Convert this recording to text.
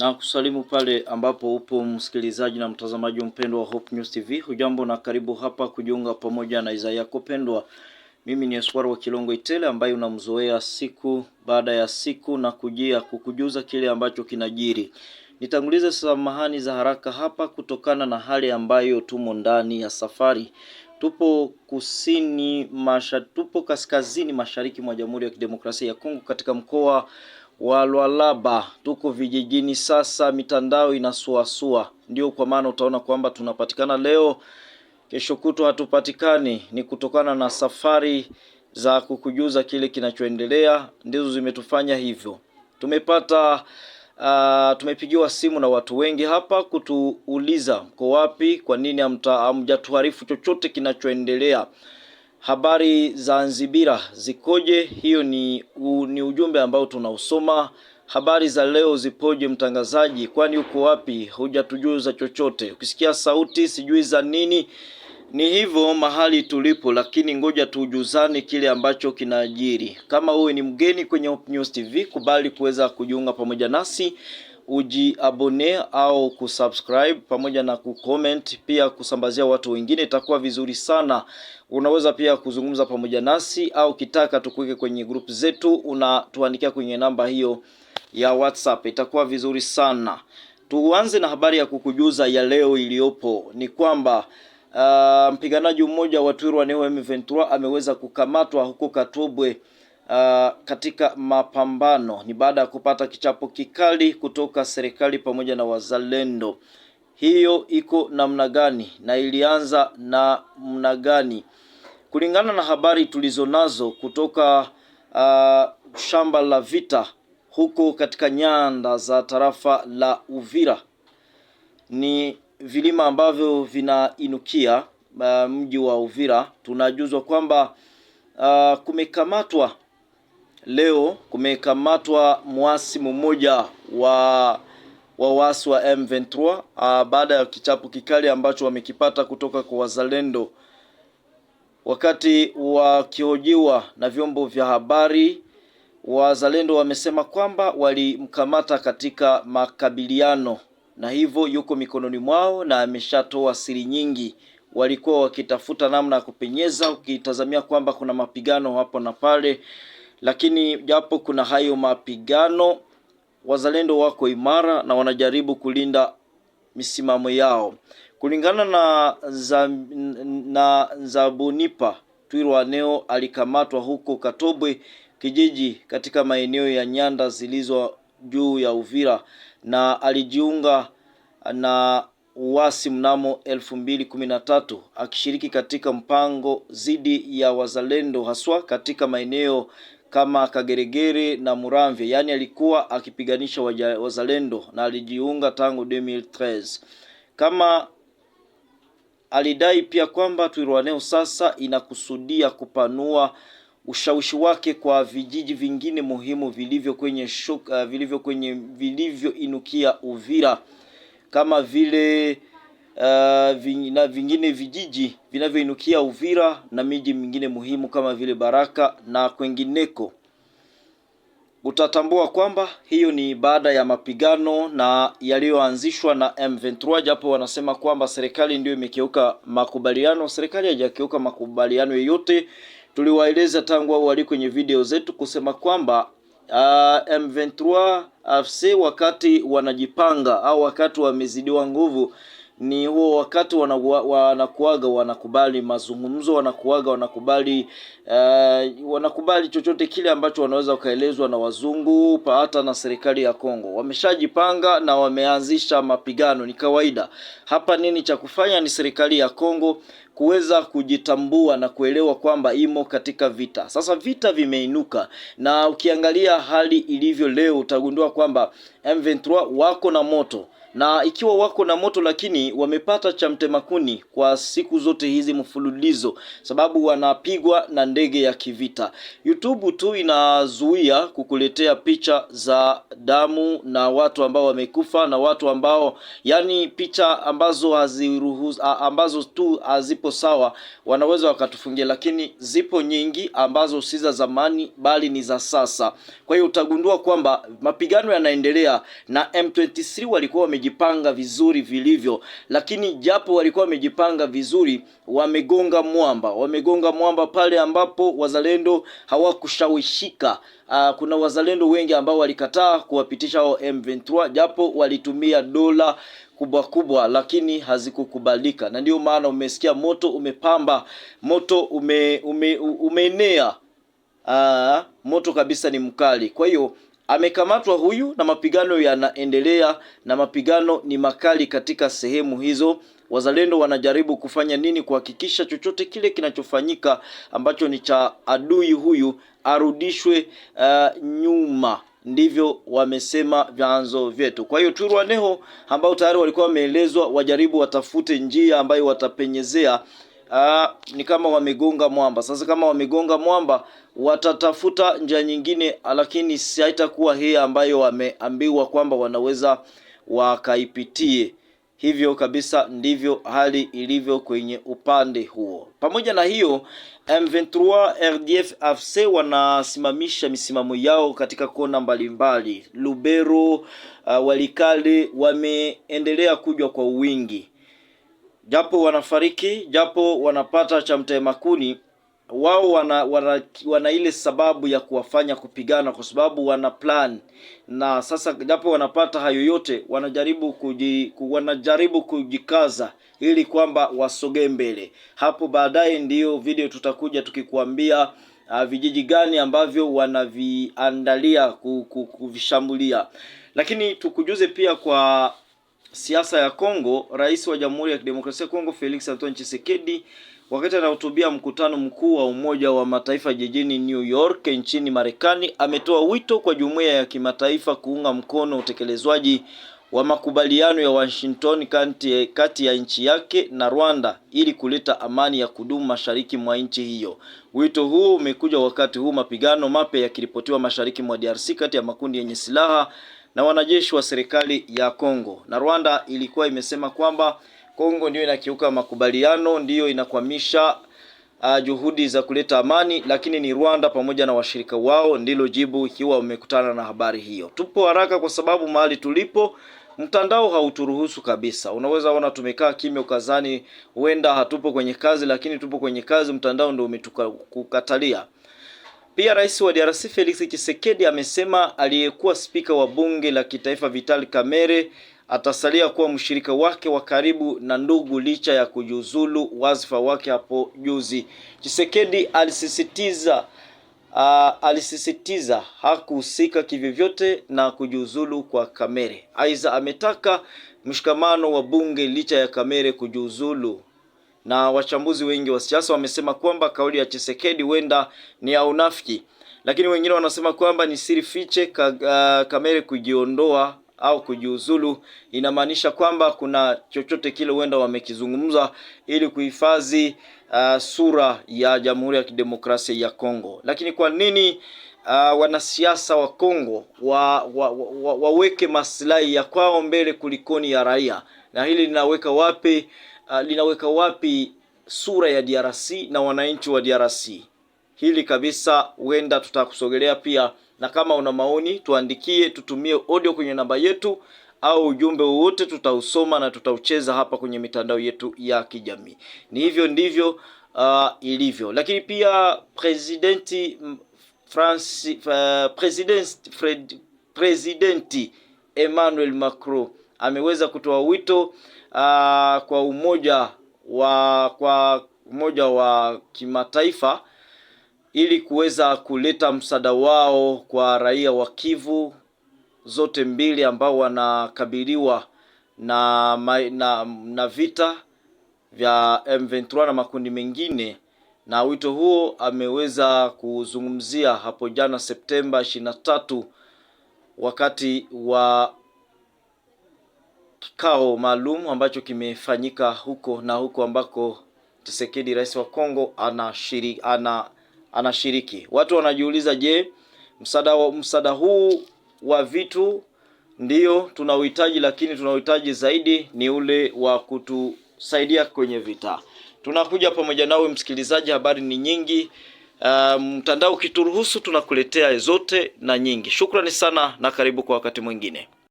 Na kusalimu pale ambapo upo msikilizaji na mtazamaji mpendwa wa Hope News TV, hujambo na karibu hapa kujiunga pamoja na idhaa yako pendwa. Mimi ni aswara wa Kilongo Itele ambaye unamzoea siku baada ya siku na kujia kukujuza kile ambacho kinajiri. Nitangulize samahani za haraka hapa kutokana na hali ambayo tumo ndani ya safari. Tupo kusini masha, tupo kaskazini mashariki mwa Jamhuri ya Kidemokrasia ya Kongo katika mkoa Walwalaba. Tuko vijijini sasa, mitandao inasuasua, ndio kwa maana utaona kwamba tunapatikana leo, kesho kutu hatupatikani. Ni kutokana na safari za kukujuza kile kinachoendelea, ndizo zimetufanya hivyo. Tumepata uh, tumepigiwa simu na watu wengi hapa kutuuliza mko wapi, kwa nini hamjatuarifu chochote kinachoendelea, habari za Anzibira zikoje? Hiyo ni ni ujumbe ambao tunausoma. Habari za leo zipoje mtangazaji? Kwani uko wapi? Hujatujuza chochote, ukisikia sauti sijui za nini. Ni hivyo mahali tulipo, lakini ngoja tujuzane kile ambacho kinaajiri. Kama wewe ni mgeni kwenye Hope News TV, kubali kuweza kujiunga pamoja nasi ujiabone au kusubscribe pamoja na kucomment, pia kusambazia watu wengine, itakuwa vizuri sana. Unaweza pia kuzungumza pamoja nasi au kitaka tukuweke kwenye group zetu, unatuandikia kwenye namba hiyo ya WhatsApp, itakuwa vizuri sana. Tuanze na habari ya kukujuza ya leo iliyopo ni kwamba uh, mpiganaji mmoja wa Twiru M23 ameweza kukamatwa huko Katobwe uh, katika mapambano. Ni baada ya kupata kichapo kikali kutoka serikali pamoja na wazalendo. Hiyo iko namna gani na ilianza namna gani? Kulingana na habari tulizonazo kutoka uh, shamba la vita huko katika nyanda za tarafa la Uvira, ni vilima ambavyo vinainukia uh, mji wa Uvira, tunajuzwa kwamba uh, kumekamatwa Leo kumekamatwa mwasi mmoja wa wa wasi wa M23 ah, baada ya kichapo kikali ambacho wamekipata kutoka kwa wazalendo. Wakati wakihojiwa na vyombo vya habari, wazalendo wamesema kwamba walimkamata katika makabiliano na hivyo yuko mikononi mwao na ameshatoa siri nyingi. Walikuwa wakitafuta namna ya kupenyeza, ukitazamia kwamba kuna mapigano hapo na pale. Lakini japo kuna hayo mapigano, wazalendo wako imara na wanajaribu kulinda misimamo yao kulingana na, za, na Zabunipa Twirwaneho alikamatwa huko Katobwe kijiji katika maeneo ya nyanda zilizo juu ya Uvira na alijiunga na uasi mnamo elfu mbili kumi na tatu akishiriki katika mpango dhidi ya wazalendo haswa katika maeneo kama Kageregere na Muramvya, yaani alikuwa akipiganisha wazalendo na alijiunga tangu 2013 kama alidai pia kwamba Twirwaneho sasa inakusudia kupanua ushawishi wake kwa vijiji vingine muhimu vilivyo kwenye shuka, uh, vilivyo kwenye vilivyoinukia Uvira kama vile uh, ving, na vingine vijiji vinavyoinukia Uvira na miji mingine muhimu kama vile Baraka na kwengineko. Utatambua kwamba hiyo ni baada ya mapigano na yaliyoanzishwa na M23, japo wanasema kwamba serikali ndiyo imekeuka makubaliano. Serikali haijakeuka makubaliano yoyote. Tuliwaeleza tangu au wali kwenye video zetu kusema kwamba uh, M23 AFC wakati wanajipanga au wakati wamezidiwa nguvu ni huo wakati wanakuaga wanakubali mazungumzo, wanakuaga wanakubali uh, wanakubali chochote kile ambacho wanaweza wakaelezwa na wazungu, hata na serikali ya Kongo. Wameshajipanga na wameanzisha mapigano, ni kawaida hapa. Nini cha kufanya ni serikali ya Kongo kuweza kujitambua na kuelewa kwamba imo katika vita. Sasa vita vimeinuka, na ukiangalia hali ilivyo leo utagundua kwamba M23 wako na moto na ikiwa wako na moto lakini wamepata cha mtemakuni kwa siku zote hizi mfululizo, sababu wanapigwa na ndege ya kivita. YouTube tu inazuia kukuletea picha za damu na watu ambao wamekufa na watu ambao, yani picha ambazo haziruhusu, ambazo tu hazipo sawa, wanaweza wakatufungia, lakini zipo nyingi ambazo si za zamani bali ni za sasa. Kwa hiyo utagundua kwamba mapigano yanaendelea na M23 walikuwa wame wamejipanga vizuri vilivyo, lakini japo walikuwa wamejipanga vizuri, wamegonga mwamba. Wamegonga mwamba pale ambapo wazalendo hawakushawishika. Uh, kuna wazalendo wengi ambao walikataa kuwapitisha hao M23 japo walitumia dola kubwa kubwa, lakini hazikukubalika, na ndio maana umesikia moto umepamba, moto ume, ume, umeenea. Uh, moto kabisa ni mkali, kwa hiyo amekamatwa huyu na mapigano yanaendelea, na mapigano ni makali katika sehemu hizo. Wazalendo wanajaribu kufanya nini kuhakikisha chochote kile kinachofanyika ambacho ni cha adui huyu arudishwe uh, nyuma. Ndivyo wamesema vyanzo vyetu. Kwa hiyo Twirwaneho ambao tayari walikuwa wameelezwa wajaribu watafute njia ambayo watapenyezea Aa, ah, ni kama wamegonga mwamba. Sasa kama wamegonga mwamba, watatafuta njia nyingine, lakini si haitakuwa hii ambayo wameambiwa kwamba wanaweza wakaipitie. Hivyo kabisa ndivyo hali ilivyo kwenye upande huo. Pamoja na hiyo, M23 RDF AFC wanasimamisha misimamo yao katika kona mbalimbali mbali. Lubero, uh, Walikale wameendelea kujwa kwa wingi japo wanafariki, japo wanapata cha mtema wao wana, wana, wana ile sababu ya kuwafanya kupigana, kwa sababu wana plan. Na sasa japo wanapata hayo yote, wanajaribu kuji, wanajaribu kujikaza ili kwamba wasogee mbele. Hapo baadaye ndiyo video tutakuja tukikuambia uh, vijiji gani ambavyo wanaviandalia kuvishambulia, lakini tukujuze pia kwa siasa ya Kongo, Rais wa Jamhuri ya Kidemokrasia ya Kongo Felix Antoine Tshisekedi wakati anahutubia mkutano mkuu wa Umoja wa Mataifa jijini New York nchini Marekani, ametoa wito kwa jumuiya ya kimataifa kuunga mkono utekelezwaji wa makubaliano ya Washington kati ya nchi yake na Rwanda ili kuleta amani ya kudumu mashariki mwa nchi hiyo. Wito huu umekuja wakati huu mapigano mapya yakiripotiwa mashariki mwa DRC kati ya makundi yenye silaha na wanajeshi wa serikali ya Kongo, na Rwanda ilikuwa imesema kwamba Kongo ndiyo inakiuka makubaliano, ndiyo inakwamisha uh, juhudi za kuleta amani, lakini ni Rwanda pamoja na washirika wao, ndilo jibu ikiwa wamekutana na habari hiyo. Tupo haraka kwa sababu mahali tulipo mtandao hauturuhusu kabisa. Unaweza ona tumekaa kimya, ukazani huenda hatupo kwenye kazi, lakini tupo kwenye kazi. Mtandao ndio umetukatalia. Pia rais wa DRC Felix Tshisekedi amesema aliyekuwa spika wa bunge la kitaifa Vital Kamerhe atasalia kuwa mshirika wake wa karibu na ndugu licha ya kujiuzulu wazifa wake hapo juzi. Tshisekedi alisisitiza uh, alisisitiza hakuhusika kivyovyote na kujiuzulu kwa Kamerhe. Aidha, ametaka mshikamano wa bunge licha ya Kamerhe kujiuzulu na wachambuzi wengi wa siasa wamesema kwamba kauli ya Chisekedi huenda ni ya unafiki, lakini wengine wanasema kwamba ni siri fiche ka, uh, Kamere kujiondoa au kujiuzulu inamaanisha kwamba kuna chochote kile huenda wamekizungumza ili kuhifadhi uh, sura ya Jamhuri ya Kidemokrasia ya Kongo. Lakini kwa nini uh, wanasiasa wa Kongo wa, wa, wa, wa, waweke maslahi ya kwao mbele kulikoni ya raia, na hili linaweka wapi uh, linaweka wapi sura ya DRC na wananchi wa DRC. Hili kabisa huenda tutakusogelea pia, na kama una maoni tuandikie, tutumie audio kwenye namba yetu au ujumbe wowote, tutausoma na tutaucheza hapa kwenye mitandao yetu ya kijamii. Ni hivyo ndivyo uh, ilivyo. Lakini pia presidenti mm, Francis, uh, eh, president, Fred, presidenti Emmanuel Macron ameweza kutoa wito uh, kwa umoja wa kwa umoja wa kimataifa ili kuweza kuleta msaada wao kwa raia wa Kivu zote mbili ambao wanakabiliwa na, na, na vita vya M23 na makundi mengine, na wito huo ameweza kuzungumzia hapo jana Septemba 23 wakati wa kikao maalum ambacho kimefanyika huko na huko ambako Tshisekedi rais wa Kongo anashiriki, ana, anashiriki. Watu wanajiuliza je, msaada wa, msaada huu wa vitu ndio tunauhitaji, lakini tunauhitaji zaidi ni ule wa kutusaidia kwenye vita. Tunakuja pamoja nawe msikilizaji, habari ni nyingi. Uh, mtandao ukituruhusu tunakuletea zote na nyingi. Shukrani sana na karibu kwa wakati mwingine.